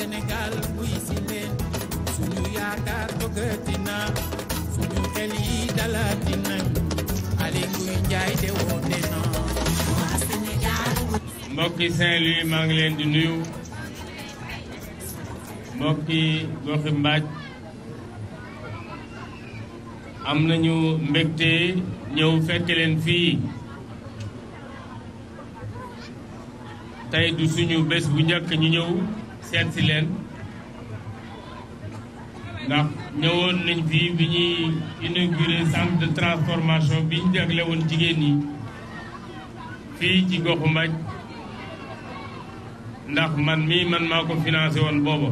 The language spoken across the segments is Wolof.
Sénégal mbokki Saint-Louis maa ngi leen di nuyu mbokki goxi mbaaj am nañu mbégte ñëw fekk leen fii tey du suñu bés bu njëkk ñu ñëw seet si leen ndax ñëwoon nañ fi bi ñuy inauguré centre de transformation bi ñu jagle woon jigéen ñi ci goxu Mbaj ndax man mi man maa ko financé woon booba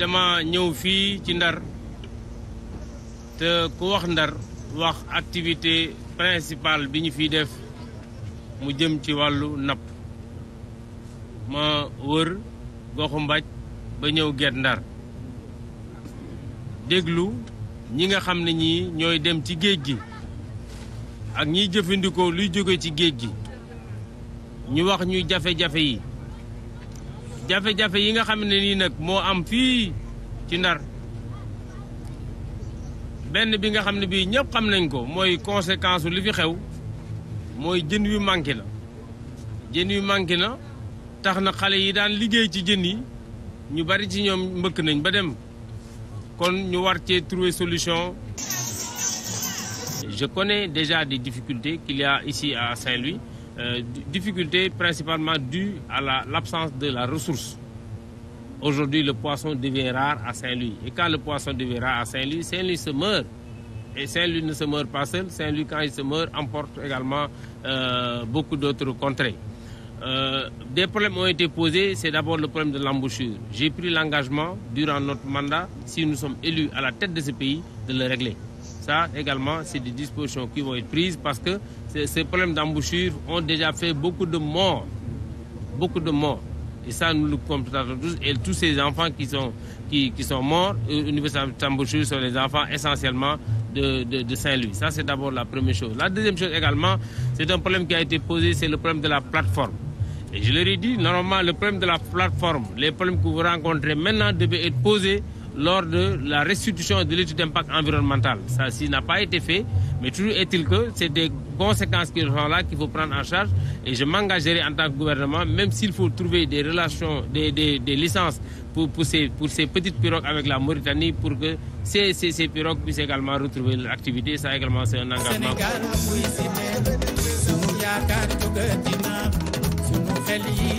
dama ñëw fii ci Ndar te ku wax Ndar wax activité principale bi ñu fiy def mu jëm ci wàllu napp ma wër goxu mbaj ba ñëw Guet Ndar déglu ñi nga xam ne ñii ñooy dem ci géej gi ak ñiy jëfandikoo luy jóge ci géej gi ñu wax ñu jafe-jafe yi jafe-jafe yi nga xam ne nii nag moo am fii ci Ndar benn bi nga xam ne bii ñëpp xam nañ ko mooy conséquence li fi xew mooy jën wi manqué na jën wi manqué na tax na xale yi daan liggéey ci jën yi ñu bari ci ñoom mbëkk nañ ba dem kon ñu war cee trouver solution. Je connais déjà des difficultés qu'il y ici à Saint-Louis, euh, difficultés principalement dues à l'absence la, de la ressource. Aujourd'hui, le poisson devient rare à Saint-Louis. Et quand le poisson devient rare à Saint-Louis, Saint-Louis se meurt. Et Saint-Louis ne se meurt pas seul. Saint-Louis, quand il se meurt, emporte également euh, beaucoup d'autres contrées. Euh, des problèmes ont été posés, c'est d'abord le problème de l'embouchure. J'ai pris l'engagement durant notre mandat, si nous sommes élus à la tête de ce pays, de le régler. Ça également, c'est des dispositions qui vont être prises parce que ces problèmes d'embouchure ont déjà fait beaucoup de morts. Beaucoup de morts. Et ça, nous le comprenons tous. Et tous ces enfants qui sont, morts au euh, niveau de l'embouchure les enfants essentiellement de, Saint-Louis. c'est d'abord la première Et je leur ai dit, normalement, le problème de la plateforme, les problèmes que vous rencontrez maintenant devaient être posés lors de la restitution de l'étude d'impact environnemental. Ça, n'a pas été fait, mais toujours est-il que c'est des conséquences qui sont là qu'il faut prendre en charge. Et je m'engagerai en tant que gouvernement, même s'il faut trouver des relations, des, licences pour, pour, ces, pour ces petites pirogues avec la Mauritanie, pour que ces, pirogues puissent également الخليل